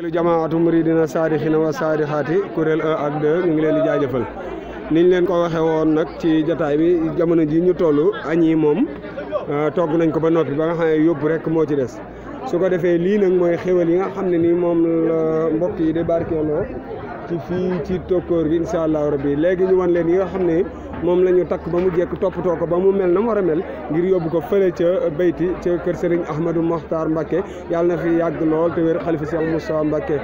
kuréelu jamaatu muridina saadixina wa saadixaati kuréel 1 ak ñu ngi leen di jaajëfal niñ leen ko waxee woon nag ci jataay bi jamono ji ñu toll añ yi moom euh, togg nañ ko ba noppi ba nga xam ne yóbbu rek moo ci des su ko defee lii nag mooy xéwal yi nga xam ne nii moom la yi di barkeeloo ci fii ci tokkoor gi incha allahu rabbi léegi ñu wan leen yi nga xam ne moom la ñu takk ba mu jekk toppatoo ko ba mu mel na mu war a mel ngir yóbbu ko fële ca bayti ca kër Serigne Ahmadou Mokhtar Mbacke yàlla na fi yàgg lool te wér xalifa Cheikh Moussa Mbacke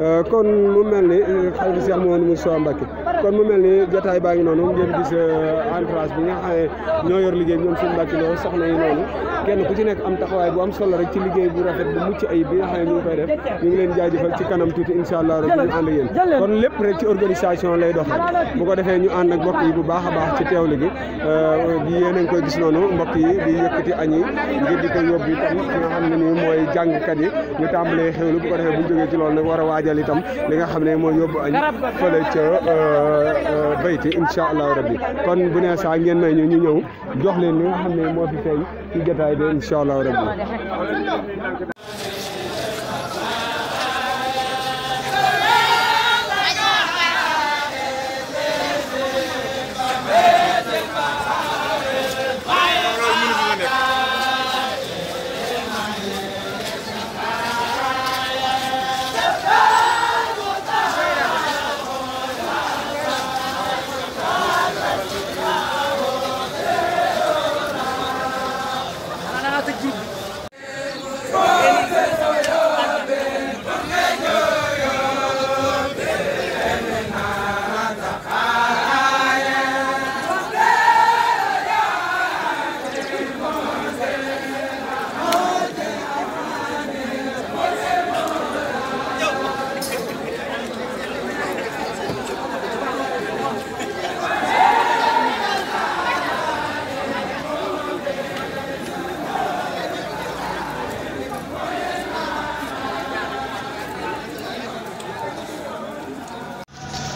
euh, kon mu mel ni xalifa Cheikh Mouhamadou Moussa Mbacke kon mu mel ni jotaay baa ngi noonu ngeen gis euh, entourage bi nga xamee ñoo yor liggéey bi ñoom suñu Mbacke loolu soxna yi noonu kenn ku ci nekk am taxawaay bu am solo rek ci liggéey bu rafet bu mucc ay bi nga xam ñu ngi def ñu ngi leen jaajëfal ci kanam tuuti incha allah rek ñu ànd yéen kon lépp rek lay doxee bu baax ci teewli gi euh, di yéen a koy gis noonu mbokk yi bi yëkkati añ ngir di ko yóbbu itam fi nga xam ne nii mooy jàngkat yi ñu tàmbalee xewlu bu ko defee bu ñu jógee ci loolu nag war a waajal itam li nga xam ne mooy yóbbu añ fële ca euh, euh, bayti incha allahu rabbi kon bu nee saa ngeen may ñu ñëw jox leen li nga xam ne moo fi feeñ ci jotaay bi incha allahu rabbi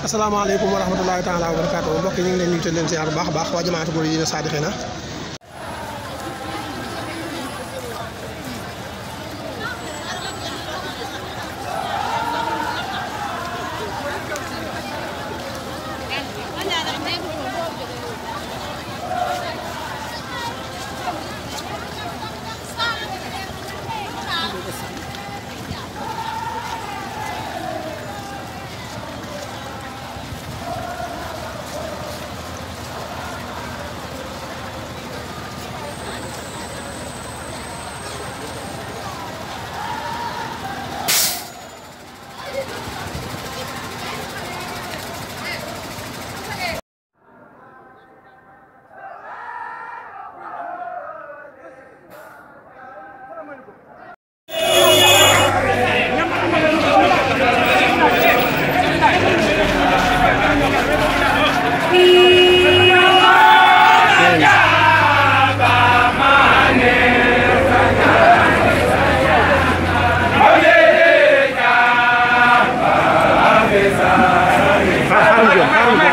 asalaamaaleykum wa rahmatulahi taala wa barakaatu mbokk yi ñu ngi leen nuyu te leen ziar bu baax a baax waa jamaatu murid yi na saadixina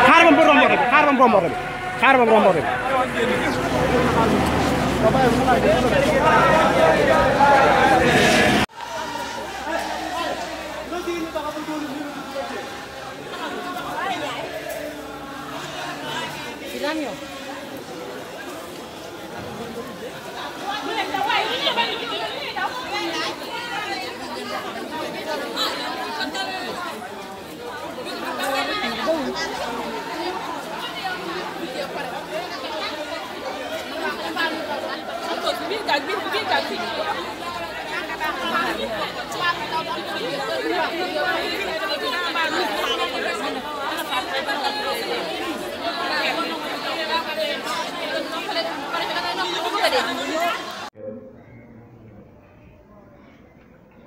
xaaral ma romb oto bi xaaral ma romb oto bi xaaral ma romb oto bi xaaral ma romb oto bi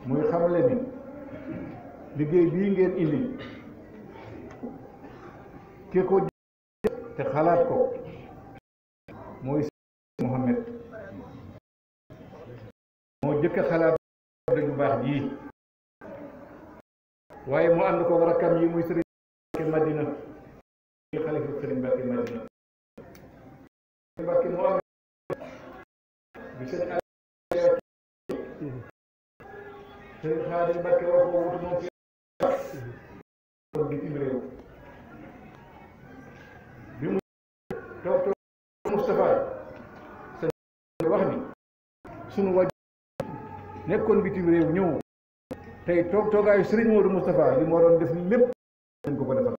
muy xamle ni liggéey bii ngeen indi ki ko te xalaat ko mooy Seydou Mohamed moo jëkk xalaat dañu baax ji waaye mu ànd ko rakkam yi muy sëriñ Mbàkke Madina xalifa sëriñ Mbàkke Madina Mbàkke moo bi sëriñ Aliou sëriñ Xaadim Mbàkke war ko wut moom fi bitim réew bi mu toog toog Moustapha sëriñ wax ni sunu wàj nekkoon bitim réew ñëw tey toog toogaayu Serigne Modou Moustapha li moo doon def lépp dañ ko ko defal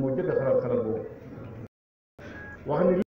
moo jëkk xalaat xalaat boobu wax ni